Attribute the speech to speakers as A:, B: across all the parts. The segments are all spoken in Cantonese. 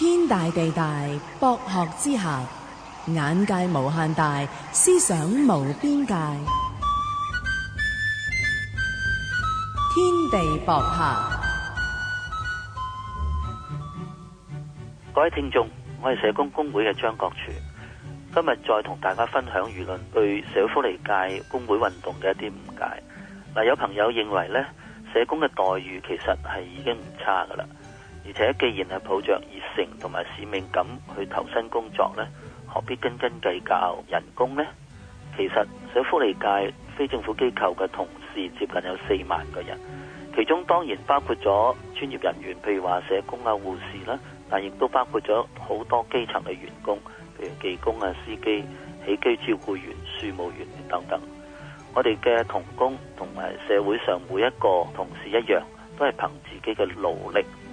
A: 天大地大，博學之下眼界無限大，思想無邊界。天地博客，各位聽眾，我係社工工會嘅張國柱，今日再同大家分享輿論對社會福利界工會運動嘅一啲誤解。嗱，有朋友認為咧，社工嘅待遇其實係已經唔差噶啦。而且，既然係抱着熱誠同埋使命感去投身工作咧，何必斤斤計較人工咧？其實，社福利界非政府機構嘅同事接近有四萬個人，其中當然包括咗專業人員，譬如話社工啊、護士啦，但亦都包括咗好多基層嘅員工，譬如技工啊、司機、起居照顧員、庶務員等等。我哋嘅同工同埋社會上每一個同事一樣，都係憑自己嘅努力。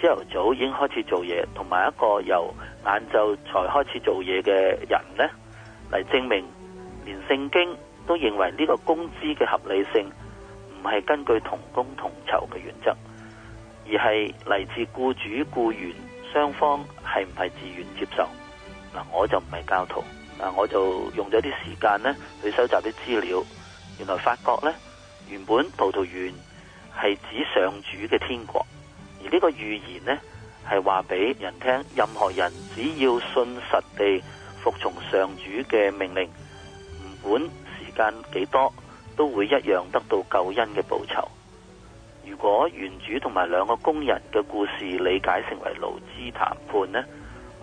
A: 朝頭早已經開始做嘢，同埋一個由晏晝才開始做嘢嘅人呢，嚟證明連聖經都認為呢個工資嘅合理性唔係根據同工同酬嘅原則，而係嚟自僱主僱員雙方係唔係自願接受。嗱，我就唔係教徒，嗱，我就用咗啲時間呢去收集啲資料，原來發覺呢，原本葡萄園係指上主嘅天國。呢個預言呢，係話俾人聽，任何人只要信實地服從上主嘅命令，唔管時間幾多，都會一樣得到救恩嘅報酬。如果原主同埋兩個工人嘅故事理解成為勞資談判呢，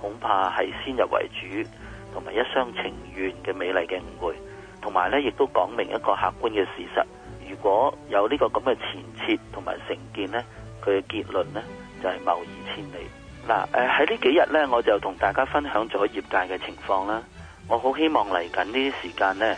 A: 恐怕係先入為主同埋一廂情願嘅美麗嘅誤會，同埋呢，亦都講明一個客觀嘅事實。如果有呢個咁嘅前設同埋成見呢。佢嘅結論呢就係貿易千里嗱，誒喺呢幾日呢，我就同大家分享咗業界嘅情況啦。我好希望嚟緊呢啲時間呢，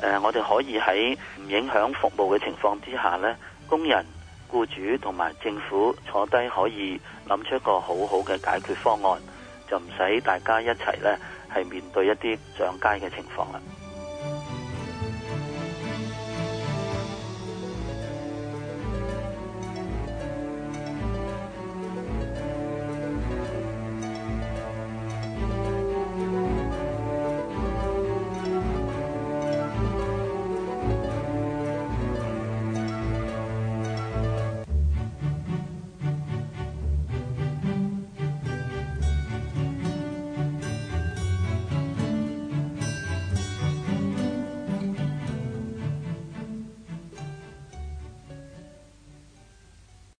A: 誒、呃、我哋可以喺唔影響服務嘅情況之下呢，工人、僱主同埋政府坐低可以諗出一個好好嘅解決方案，就唔使大家一齊呢係面對一啲上街嘅情況啦。